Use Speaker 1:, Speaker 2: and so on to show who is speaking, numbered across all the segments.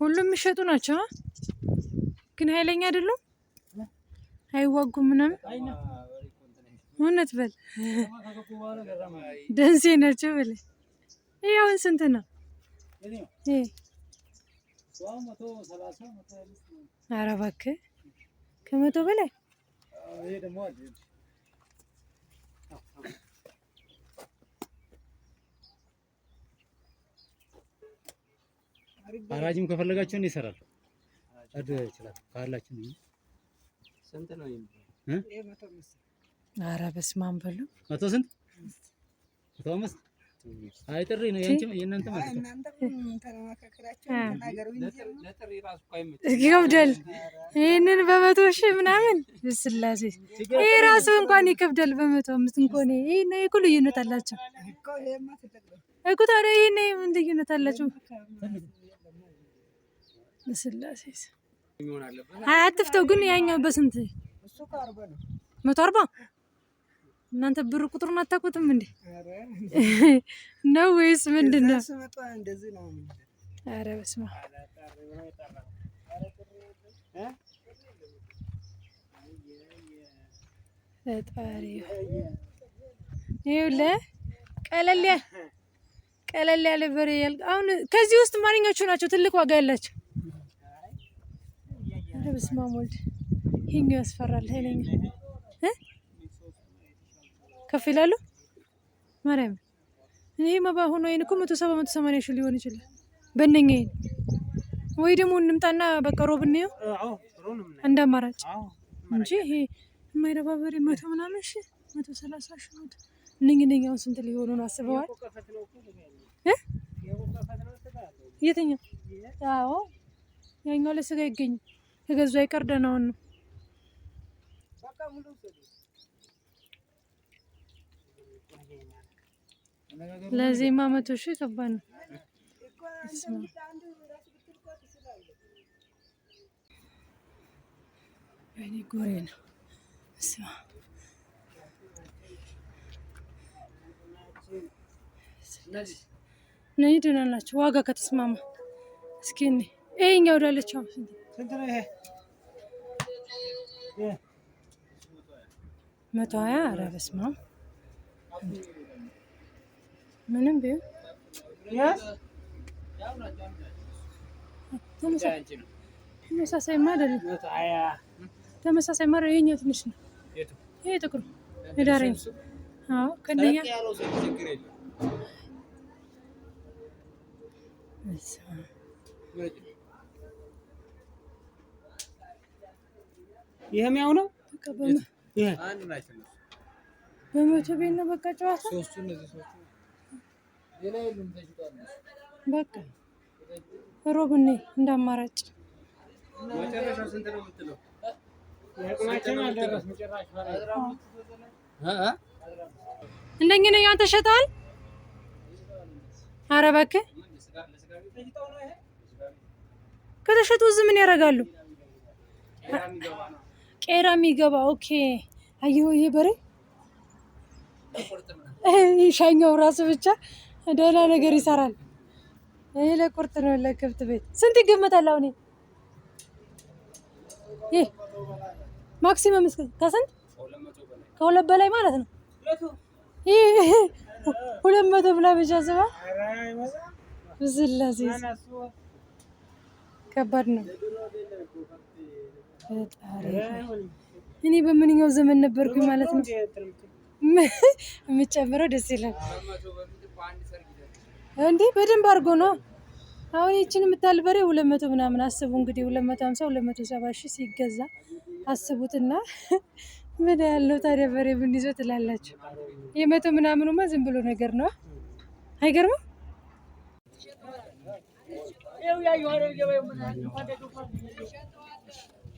Speaker 1: ሁሉም የሚሸጡ ናቸው። ግን ኃይለኛ አይደሉም፣ አይዋጉም ምናምን እውነት በል ደንሴ ናቸው በል። ይህ አሁን ስንት ነው? ኧረ እባክህ ከመቶ በላይ
Speaker 2: አራጅም ከፈለጋችሁ እኔ እሰራለሁ። አድ ይችላል ካላችሁ ነው። ስንት ነው
Speaker 1: የሚባለው? ኧረ በስመ አብ በሉ።
Speaker 2: መቶ ስንት መቶ አምስት አይ ነው የአንቺ የእናንተ ማለት ነው።
Speaker 1: ይከብዳል። ይህንን በመቶ ሺህ ምናምን ብስላሴ ይሄ ራሱ እንኳን ይከብዳል። በመቶ አምስት እንኮኔ ይሄ ነው እኮ ልዩነት አላቸው እኮ ታዲያ ይሄ ነው ምን ልዩነት አላቸው? ስላሴ አትፍተው ግን ያኛው በስንት መቶ አርባ እናንተ ብር ቁጥሩን አታውቁትም እንዴ ነው ወይስ ምንድን ነው? ኧረ በስመ አብ ፈጣሪ ይኸውልህ ቀለል ያለ በሬ አሁን ከዚህ ውስጥ ማንኛዎቹ ናቸው ትልቅ ዋጋ ያላቸው? በስመ አብ ወልድ ይሄኛው ያስፈራል። ኃይለኛ ከፍ ይላሉ። ማርያም ይሄ መባ ሆኖ ይሄን እኮ መቶ ሰባ መቶ ሰማንያ ሺህ ሊሆን ይችላል። በእነኛ ይሄን ወይ ደግሞ እንምጣና በቀሮ ብንየው እንየው እንደ አማራጭ እንጂ ይሄ የማይረባ በሬ መቶ ምናምን ሺህ መቶ ሰላሳ ሺህ መቶ እነኝ ስንት ሊሆኑ ነው አስበዋል? የትኛው? አዎ ያኛው ለስጋ ይገኛል። የገዛ ይቀር ደህናውን ነው። ለዜማ መቶ ሺህ ከባድ ነው። ወይኔ ጎሬ ነው። ነይ ደህና ናቸው። ዋጋ ከተስማማ እስኪ እኔ ይሄኛው ዳለች መቶ ሀያ ኧረ በስመ አብ ምንም ቢሆን ተመሳሳይ አይደለም። ተመሳሳይ ማረ የኛው ትንሽ ነው። ይሄ ጥቁር ዳረኝ ከእንደኛ Let's see. ይሄም ያው ነው። በመቶ ቤት ነው በቃ ጨዋታ በቃ ሮብ እኔ እንዳማራጭ እንደኛ ነው ያንተ ሸጣል። ኧረ እባክህ ከተሸጡ እዚህ ምን ያደርጋሉ? ቄራ የሚገባ ኦኬ። አየሁ ይሄ በሬ ሻኛው ራሱ ብቻ ደህና ነገር ይሰራል። ይሄ ለቁርጥ ነው ለከብት ቤት ስንት ይገመታል? አሁን ይሄ ማክሲመም እስከ ከስንት ከሁለት በላይ ማለት ነው። ይሄ ሁለት መቶ ብላ ብቻ ስባ ብስላሴ ከባድ ነው። እኔ በምንኛው ዘመን ነበርኩኝ ማለት ነው። የምጨምረው ደስ ይላል እንዴ! በደንብ አድርጎ ነው። አሁን ይችን የምታል በሬ ሁለት መቶ ምናምን አስቡ እንግዲህ ሁለት መቶ ሀምሳ ሁለት መቶ ሰባ ሺህ ሲገዛ አስቡትና ምን ያለው ታዲያ በሬ ምን ይዞ ትላላችሁ? የመቶ ምናምኑማ ዝም ብሎ ነገር ነው። አይገርምም?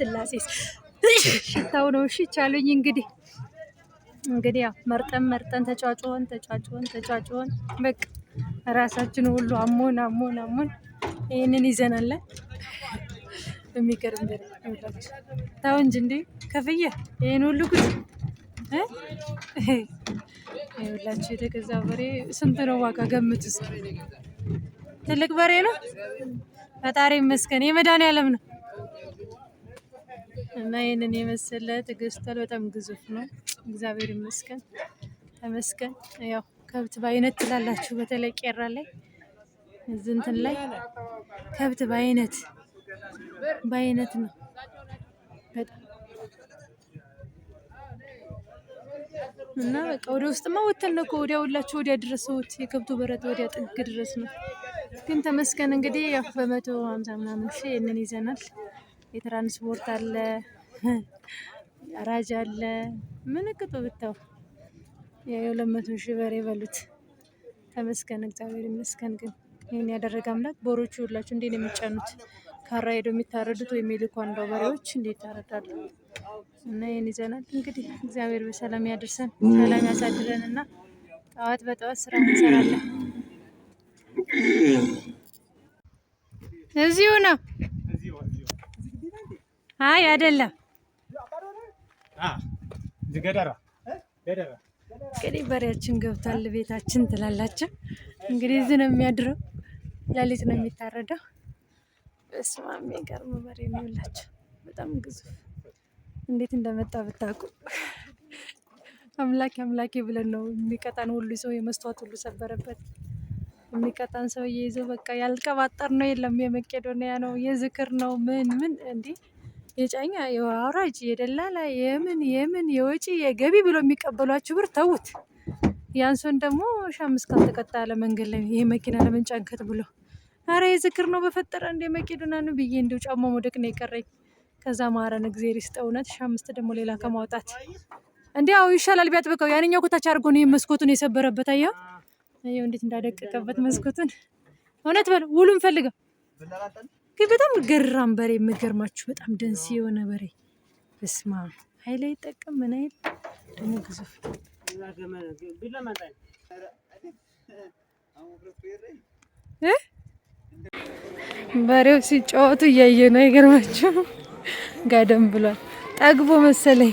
Speaker 1: ስላሴ ሽታው ነው። እሺ ቻሉኝ። እንግዲህ እንግዲህ ያው መርጠን መርጠን ተጫጭሆን ተጫጭሆን ተጫጭሆን በቃ ራሳችን ሁሉ አሞን አሞን አሞን ይህንን ይዘናለን። የሚገርም ደረጃ ታው እንጂ እንዴ ከፍዬ ይህን ሁሉ ጉድ ይኸውላችሁ የተገዛ በሬ ስንት ነው ዋጋ? ገምት። ትልቅ በሬ ነው። ፈጣሪ ይመስገን የመድኃኒዓለም ነው። እና ይህንን የመሰለ ተገዝቷል። በጣም ግዙፍ ነው። እግዚአብሔር ይመስገን ተመስገን። ያው ከብት በአይነት ትላላችሁ። በተለይ ቄራ ላይ እዚህ እንትን ላይ ከብት በአይነት በአይነት ነው በጣም እና በቃ ወደ ውስጥማ ወተን ነው እኮ ወዲያ ሁላችሁ ወዲያ ድረሰውት የከብቱ በረት ወዲያ ጥግ ድረስ ነው። ግን ተመስገን እንግዲህ ያው በመቶ ሀምሳ ምናምን ሺህ ይህንን ይዘናል። የትራንስፖርት አለ፣ አራጅ አለ። ምንቅጡ ብታው የሁለት መቶ ሺህ በሬ የበሉት ተመስገን፣ እግዚአብሔር ይመስገን። ግን ይህን ያደረገ አምላክ ቦሮቹ ሁላችሁ እንዴ ነው የሚጫኑት? ካራ ሄዶ የሚታረዱት ወይም የልኮ አንዳው በሬዎች እንዴት ታረዳሉ? እና ይህን ይዘናል እንግዲህ እግዚአብሔር በሰላም ያደርሰን፣ ሰላም ያሳድረን እና ጠዋት በጠዋት ስራ እንሰራለን። እዚሁ ነው አይ አይደለም። እንግዲህ በሬያችን ገብቷል ቤታችን ትላላችሁ። እንግዲህ እዚህ ነው የሚያድረው፣ ሌሊት ነው የሚታረደው። በስመ አብ የሚገርም በሬ ነው ያላችሁ፣ በጣም ግዙፍ። እንዴት እንደመጣ ብታውቁ። አምላኬ አምላኬ ብለን ነው የሚቀጣን ሁሉ ሰው የመስተዋት ሁሉ ሰበረበት የሚቀጣን ሰውዬ ይዞ በቃ ያልቀባጠር ነው የለም። የመቄዶንያ ነው የዝክር ነው ምን ምን እንዲህ የጫኛ የአውራጅ የደላላ የምን የምን የወጪ የገቢ ብሎ የሚቀበሏችሁ ብር ተዉት። ያን ሰውን ደግሞ ሻምስ አምስት ካልተቀጣ ለመንገድ ላይ ይሄ መኪና ለምን ጫንከት ብሎ አረ የዝክር ነው በፈጠረ እንደ መቄዶና ነው ብዬ እንዲው ጫማ መውደቅ ነው የቀረኝ። ከዛ ማረን እግዜር ይስጥ እውነት ሺ አምስት ደግሞ ሌላ ከማውጣት እንዲያው ይሻላል ቢያጥብቀው። ያንኛው ኮታች አድርጎ ነው መስኮቱን የሰበረበት። አያ አየው እንዴት እንዳደቀቀበት መስኮቱን። እውነት በለው ውሉን ፈልገው ግን በጣም ገራም በሬ የምገርማችሁ በጣም ደንስ የሆነ በሬ በስማ ሀይል አይጠቅም ምን አይል ደግሞ ግዙፍ በሬው ሲጫወቱ እያየ ነው። አይገርማችሁ ጋደም ብሏል። ጠግቦ መሰለኝ።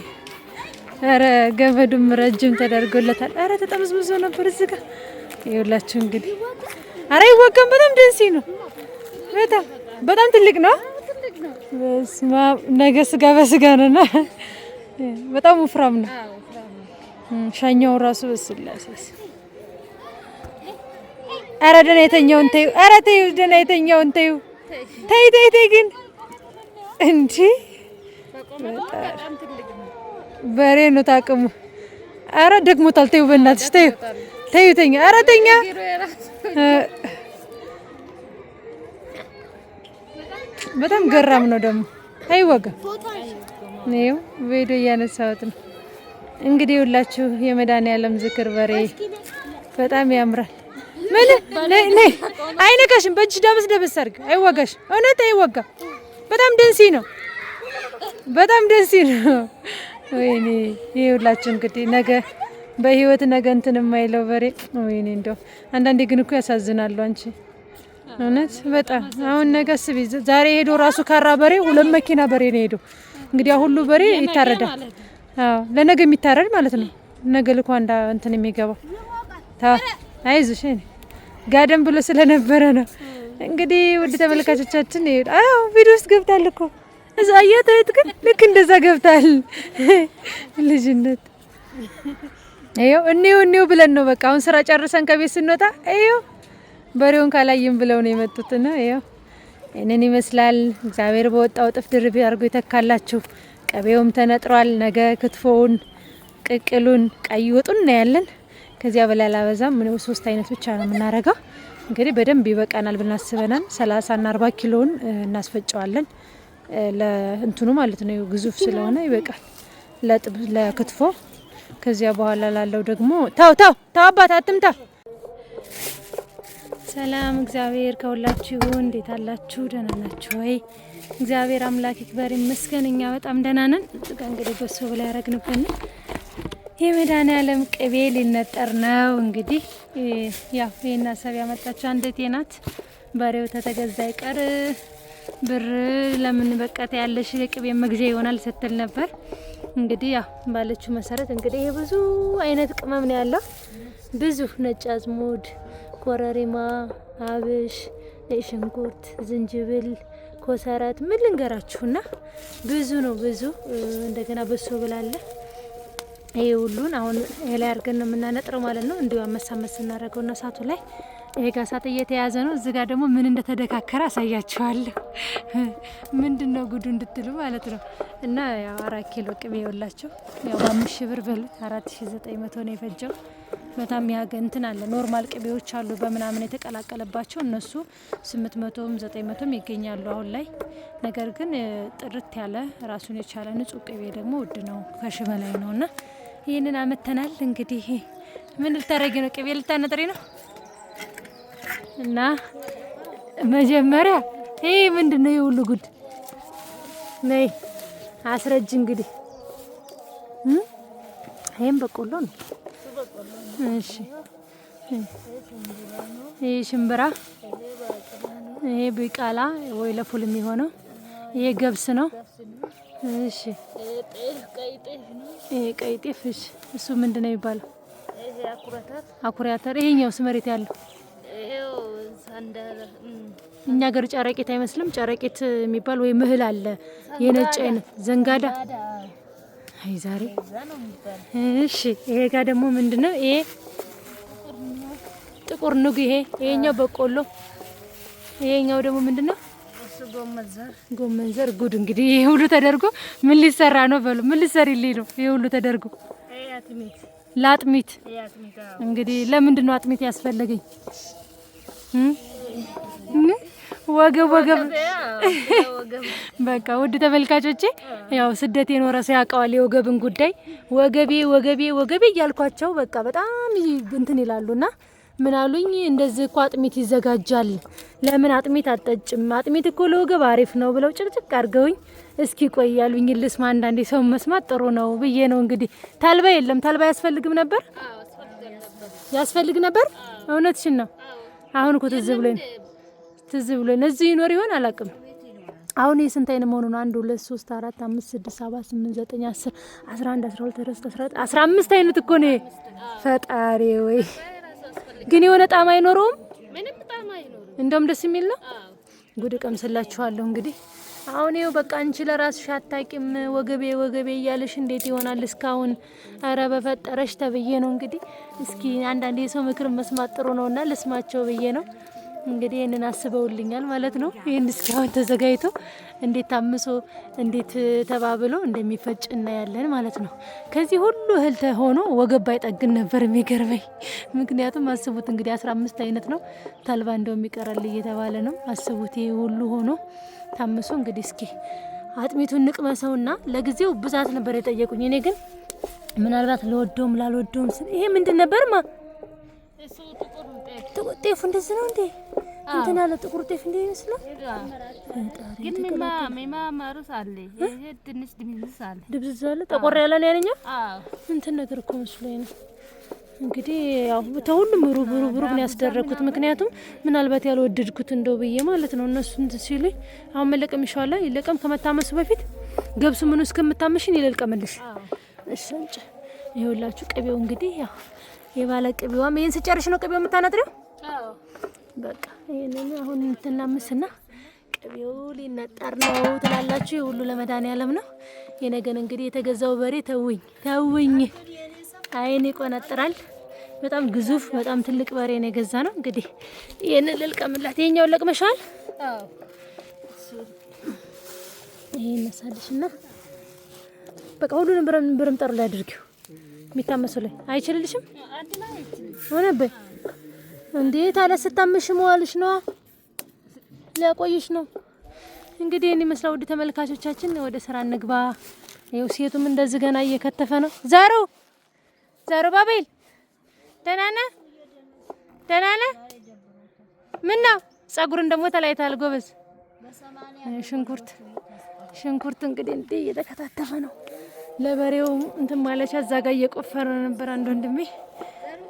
Speaker 1: ኧረ ገመዱም ረጅም ተደርጎለታል። ኧረ ተጠምዝምዞ ነበር እዚህ ጋር ይኸውላችሁ እንግዲህ ኧረ ይወጋም። በጣም ደንሲ ነው በጣም በጣም ትልቅ ነው። በስመ አብ ነገ ስጋ በስጋ ነውና በጣም ወፍራም ነው። ሻኛው ራሱ በስላሴስ አረ ደህና የተኛውን ተይው። አረ ተይው፣ ደህና የተኛውን ተይው። ተይ ተይ ተይ ግን እንጂ በሬ ነው ታቅሙ። አረ ደግሞታል። ተይው በእናትሽ ተይው፣ ተይው ተኛ። አረ ተኛ በጣም ገራም ነው ደግሞ አይወጋም። ነው ቪዲዮ እያነሳሁት ነው። እንግዲህ ሁላችሁ የመድኃኒዓለም ዝክር በሬ በጣም ያምራል። ምን አይነካሽም፣ በእጅሽ ደብስ ደብስ አድርግ፣ አይወጋሽ። እውነት አይወጋ በጣም ደንሲ ነው፣ በጣም ደንሲ ነው። ወይኔ ይሄ ሁላችሁ እንግዲህ ነገ በህይወት ነገ እንትን የማይለው በሬ ወይኔ፣ እንደው አንዳንዴ ግን እኮ ያሳዝናሉ አንቺ እውነት በጣም አሁን ነገ ስቢ ዛሬ ሄዶ ራሱ ካራ በሬ ሁለት መኪና በሬ ነው ሄዶ እንግዲህ ሁሉ በሬ ይታረዳል። አዎ ለነገ የሚታረድ ማለት ነው። ነገ ልኳ እንዳ እንትን የሚገባው ታ አይዞሽ እኔ ጋደም ብሎ ስለነበረ ነው። እንግዲህ ውድ ተመልካቾቻችን ይሄ አዎ ቪዲዮ ውስጥ ገብታል እኮ እዛ አያታየት ግን ልክ እንደዛ ገብታል። ልጅነት ይኸው እኔው እኔው ብለን ነው በቃ አሁን ስራ ጨርሰን ከቤት ስንወጣ ይኸው በሬውን ካላይም ብለው ነው የመጡትና ያው እነን ይመስላል። እግዚአብሔር በወጣው ጥፍ ድርብ አድርጎ ይተካላችሁ። ቀቤውም ተነጥሯል። ነገ ክትፎውን፣ ቅቅሉን፣ ቀይ ወጡን እናያለን። ከዚያ በላይ አላበዛም። ምን ሶስት አይነት ብቻ ነው የምናረገው። እንግዲህ በደንብ ይበቃናል ብናስበናል። እና 40 ኪሎውን እናስፈጨዋለን። ለእንትኑ ማለት ነው ግዙፍ ስለሆነ ይበቃል ለክትፎ። ከዚያ በኋላ ላለው ደግሞ ታው ታው ታው አባት አትምታ ሰላም እግዚአብሔር ከሁላችሁ ይሁን። እንዴት አላችሁ? ደህና ናችሁ ወይ? እግዚአብሔር አምላክ ይክበር ይመስገን፣ እኛ በጣም ደህና ነን። ጥቃ እንግዲህ በሶ ብላ ያረግንብን የመድኃኒዓለም ቅቤ ሊነጠር ነው። እንግዲህ ያው ይህን ሀሳብ ያመጣችው አንድ ናት። በሬው ተተገዛ ይቀር ብር ለምን በቀት ያለሽ የቅቤ መግዣ ይሆናል ስትል ነበር። እንግዲህ ያው ባለችው መሰረት እንግዲህ ብዙ አይነት ቅመም ነው ያለው ብዙ ነጭ አዝሙድ ኮረሪማ፣ አብሽ፣ ነጭ ሽንኩርት፣ ዝንጅብል፣ ኮሰረት ምን ልንገራችሁና ብዙ ነው ብዙ። እንደገና በሶ ብላለ ይሄ ሁሉን አሁን ላይ አድርገን ነው የምናነጥረው ማለት ነው። እንዲሁ አመሳመስ እና እሳቱ ላይ ይሄ ጋር ሳጥ እየተያዘ ነው። እዚህ ጋር ደግሞ ምን እንደተደካከረ አሳያችኋለሁ። ምንድን ነው ጉዱ እንድትሉ ማለት ነው። እና ያው አራት ኪሎ ቅቤ የወላቸው ያው በአምስት ሺህ ብር በሉት አራት ዘጠኝ መቶ ነው የፈጀው። በጣም ያገ እንትን አለ ኖርማል ቅቤዎች አሉ በምናምን የተቀላቀለባቸው እነሱ ስምንት መቶም ዘጠኝ መቶም ይገኛሉ አሁን ላይ። ነገር ግን ጥርት ያለ ራሱን የቻለ ንጹህ ቅቤ ደግሞ ውድ ነው ከሺ በላይ ነው እና ይህንን አመተናል እንግዲህ ምን ልታረጊ ነው? ቅቤ ልታነጥሪ ነው? እና መጀመሪያ ይህ ምንድን ነው? የሁሉ ጉድ ነይ አስረጅ። እንግዲህ ይህም በቆሎ ነው። እሺ፣ ይህ ሽምብራ፣ ይሄ ቢቃላ ወይ ለፉል የሚሆነው ይሄ ገብስ ነው። እሺ፣ ይሄ ቀይ ጤፍ። እሺ፣ እሱ ምንድን ነው የሚባለው? አኩሪ አተር። ይሄኛውስ መሬት ያለው እኛ ሀገር ጨረቄት አይመስልም። ጨረቄት የሚባል ወይ ምህል አለ የነጭ አይነት ዘንጋዳ። አይ ዛሬ እሺ። ይሄ ጋር ደግሞ ምንድነው ይሄ? ጥቁር ንግ። ይሄ ይሄኛው በቆሎ፣ ይሄኛው ደግሞ ምንድነው? ጎመን ዘር። ጉድ እንግዲህ ይሄ ሁሉ ተደርጎ ምን ሊሰራ ነው? በሉ ምን ሊሰሪልኝ ነው? ይሄ ሁሉ ተደርጎ ለአጥሚት እንግዲህ። ለምንድን ነው አጥሚት ያስፈለገኝ? ወገብ ወገብ በቃ ውድ ተመልካቾቼ ያው ስደት የኖረ ሰው ያውቀዋል የወገብን ጉዳይ። ወገቤ ወገቤ ወገቤ እያልኳቸው በቃ በጣም እንትን ይላሉና ምን አሉኝ፣ እንደዚህ እኮ አጥሚት ይዘጋጃል፣ ለምን አጥሚት አጠጭም? አጥሚት እኮ ለወገብ አሪፍ ነው ብለው ጭቅጭቅ አድርገውኝ፣ እስኪ ቆይ ያሉኝ ልስማ። አንዳንዴ ሰው መስማት ጥሩ ነው ብዬ ነው እንግዲህ። ታልባ የለም ታልባ ያስፈልግም ነበር ያስፈልግ ነበር። እውነትሽን ነው አሁን እኮ ትዝ ብሎኝ ትዝ ብሎኝ እዚህ ይኖር ይሆን አላውቅም። አሁን የስንት አይነት መሆኑ ነው? አንድ ሁለት ሶስት አራት አምስት ስድስት ሰባት ስምንት ዘጠኝ አስር አስራ አንድ አስራ ሁለት አስራ አምስት አይነት እኮ ነው። ፈጣሪ ወይ ግን የሆነ ጣም አይኖረውም። እንደውም ደስ የሚል ነው። ጉድ ቀምስላችኋለሁ እንግዲህ አሁን ይኸው በቃ አንቺ ለራስሽ አታቂም ወገቤ ወገቤ እያለሽ እንዴት ይሆናል እስካሁን? እረ በፈጠረሽ ተብዬ ነው እንግዲህ። እስኪ አንዳንድ የሰው ምክር መስማት ጥሩ ነውና ልስማቸው ብዬ ነው። እንግዲህ ይህንን አስበውልኛል ማለት ነው። ይህን እስካሁን ተዘጋጅቶ እንዴት ታምሶ እንዴት ተባብሎ እንደሚፈጭ እናያለን ማለት ነው። ከዚህ ሁሉ እህል ሆኖ ወገብ አይጠግን ነበር የሚገርመኝ። ምክንያቱም አስቡት እንግዲህ 15 አይነት ነው ተልባ እንደውም ይቀራል እየተባለ ነው። አስቡት ይህ ሁሉ ሆኖ ታምሶ እንግዲህ እስኪ አጥሚቱን ንቅመሰውና ለጊዜው ብዛት ነበር የጠየቁኝ። እኔ ግን ምናልባት ለወደውም ላልወደውም ስ ይሄ ምንድን ነበር ማ ጤፉ እንደዚህ ነው እንዴ? እንትን ያለ ጥቁር ጤፍ እንደ ይመስላል
Speaker 3: ግን ሚማ አለ ትንሽ ድምዝዝ አለ
Speaker 1: ድብዝዝ አለ ጠቆር ያለ ነው ያለኛው። እንትን ነገር እኮ መስሎኝ ነው። እንግዲህ ያው ተሁሉም ሩብ ሩብ ሩብ ነው ያስደረግኩት። ምክንያቱም ምናልባት ያልወደድኩት እንደው ብዬ ማለት ነው። እነሱ እንትን ሲሉኝ አሁን መለቀም ይሻላል። ይለቀም ከመታመሱ በፊት ገብሱ ምኑ እስከምታመሽን ይለልቀምልሽ። እሺ እንጭ ይኸውላችሁ ቅቤው እንግዲህ ያው የባለ ቅቤዋም ይሄን ስጨርሽ ነው ቅቤው የምታነጥሪው። በቃ ይሄንን አሁን እንትናምስና ቅቤው ሊነጠር ነው ትላላችሁ። የሁሉ ለመድኃኒዓለም ነው። የነገን እንግዲህ የተገዛው በሬ ተውኝ ተውኝ፣ አይን ይቆነጥራል። በጣም ግዙፍ በጣም ትልቅ በሬ ነው የገዛ ነው። እንግዲህ ይህንን ልልቀምላት። ይሄኛውን ለቅመሻል? ይሄ መሳልሽና በቃ ሁሉንም ብረም ብረም ጠሩ ላይ አድርጊው። የሚታመሱ ላይ አይችልልሽም እንዴት አለ ስታምሽ መዋልሽ ነው ሊያቆይሽ ነው። እንግዲህ እኔ መስላው ውድ ተመልካቾቻችን ወደ ስራ እንግባ። ይኸው ሴቱም እንደዚህ ገና እየከተፈ ነው። ዛሩ ዛሩ ባቤል ደህና ነህ? ደህና ነህ? ምን ነው ጸጉርን ደግሞ ተላይታል። ጎበዝ ሽንኩርት ሽንኩርት እንግዲህ እንዴ እየተከታተፈ ነው። ለበሬው እንትን ማለቻ እዛ ጋ እየቆፈረ ነበር አንድ ወንድሜ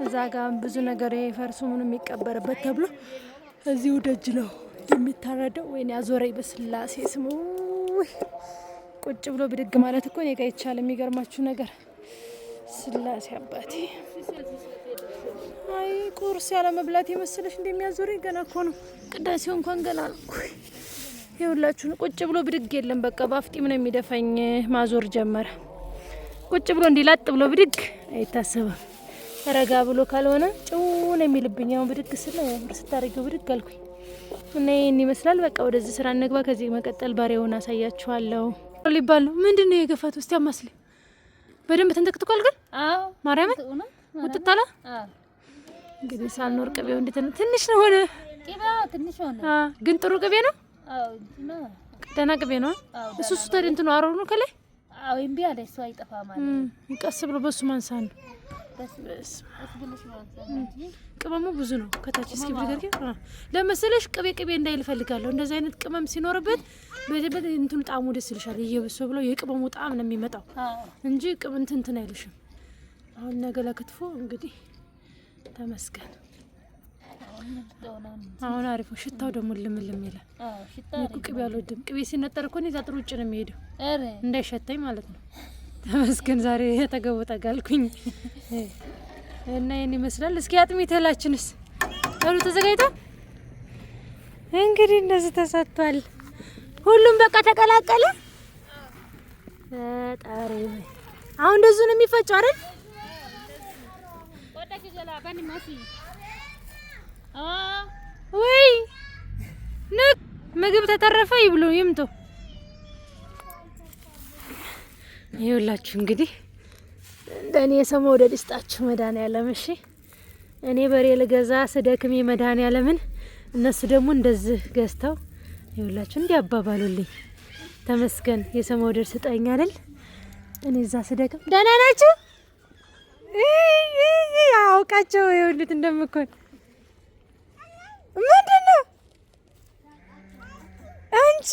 Speaker 1: እዛ ጋ ብዙ ነገር የፈርሱ ምን የሚቀበርበት ተብሎ እዚሁ ደጅ ነው የሚታረደው። ወይኔ አዞረኝ በስላሴ ስሙ። ቁጭ ብሎ ብድግ ማለት እኮ እኔ ጋ አይቻልም። የሚገርማችሁ ነገር ስላሴ አባቴ አይ ቁርስ ያለ መብላት የመሰለሽ እንደሚያዞረኝ ገና እኮ ነው። ቅዳሴው እንኳን ገና ነው። ይኸውላችሁን ቁጭ ብሎ ብድግ የለም። በቃ በአፍጢም ነው የሚደፋኝ። ማዞር ጀመረ። ቁጭ ብሎ እንዲላጥ ብሎ ብድግ አይታሰብም። ረጋ ብሎ ካልሆነ ጭውን ነው የሚልብኝ። አሁን ብድግ ስለ ስታደርገው ብድግ አልኩኝ እና ይህን ይመስላል። በቃ ወደዚህ ስራ እንግባ። ከዚህ መቀጠል ባሪያውን አሳያችኋለሁ። ሊባል ነው ምንድን ነው የገፋት ውስጥ ያማስል በደንብ ተንጠቅጥቋል። ግን ማርያምን ውጥታላ እንግዲህ ሳልኖር ቅቤው እንዴት ትንሽ ነው ሆነ ግን ጥሩ ቅቤ ነው። ደህና ቅቤ ነው። እሱ ሱ ተድንት ነው አሮኑ ከላይ ቀስ ብሎ በሱ ማንሳ ነው ቅመሙ ብዙ ነው። ከታች እስኪ ብድገርኪ ለመሰለሽ ቅቤ ቅቤ እንዳይል ፈልጋለሁ። እንደዚህ አይነት ቅመም ሲኖርበት በጀበት እንትኑ ጣዕሙ ደስ ይልሻል። እየብሶ ብለው የቅመሙ ጣዕም ነው የሚመጣው እንጂ ቅም እንትን እንትን አይልሽም። አሁን ነገ ለክትፎ እንግዲህ ተመስገን። አሁን አሪፍ ነው። ሽታው ደግሞ ልምልም ይላል። ቅቤ አልወድም። ቅቤ ሲነጠር እኮ እኔ እዛ ጥሩ ውጭ ነው የሚሄደው እንዳይሸተኝ ማለት ነው። ተመስገን ዛሬ አጠገቡ ጠጋ እና ይህን ይመስላል። እስኪ አጥሚት እህላችንስ ሩ ተዘጋጅቷል። እንግዲህ እንደዚህ ተሰጥቷል። ሁሉም በቃ ተቀላቀለ። ጣሪ አሁን እንደዚህ ነው የሚፈጨው አይደል? ወይ ምግብ ተተረፈ ይብሉ ይምጡ። ይኸውላችሁ እንግዲህ እንደ እንደኔ የሰው መውደድ ይስጣችሁ መድኃኒዓለም። እሺ እኔ በሬ ልገዛ ስደክሜ መድኃኒዓለምን እነሱ ደግሞ እንደዚህ ገዝተው ይኸውላችሁ እንዲህ አባባሉልኝ። ተመስገን የሰው መውደድ ስጠኝ አይደል? እኔ እዛ ስደክም ደህና ናችሁ አውቃቸው የሁሉት እንደምኮን ምንድን ነው እንጂ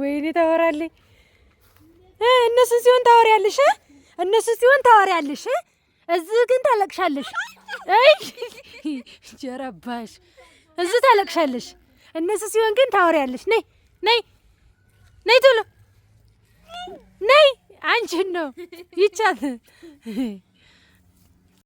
Speaker 1: ወይኔ ታወራለኝ እነሱ ሲሆን ታወሪያለሽ፣ እነሱ ሲሆን ታወሪያለሽ፣ እዚህ ግን ታለቅሻለሽ። ጀረባሽ፣ እዚህ ታለቅሻለሽ፣ እነሱ ሲሆን ግን ታወሪያለሽ። ነይ ነይ ነይ ቶሎ ነይ። አንቺን ነው ይቻት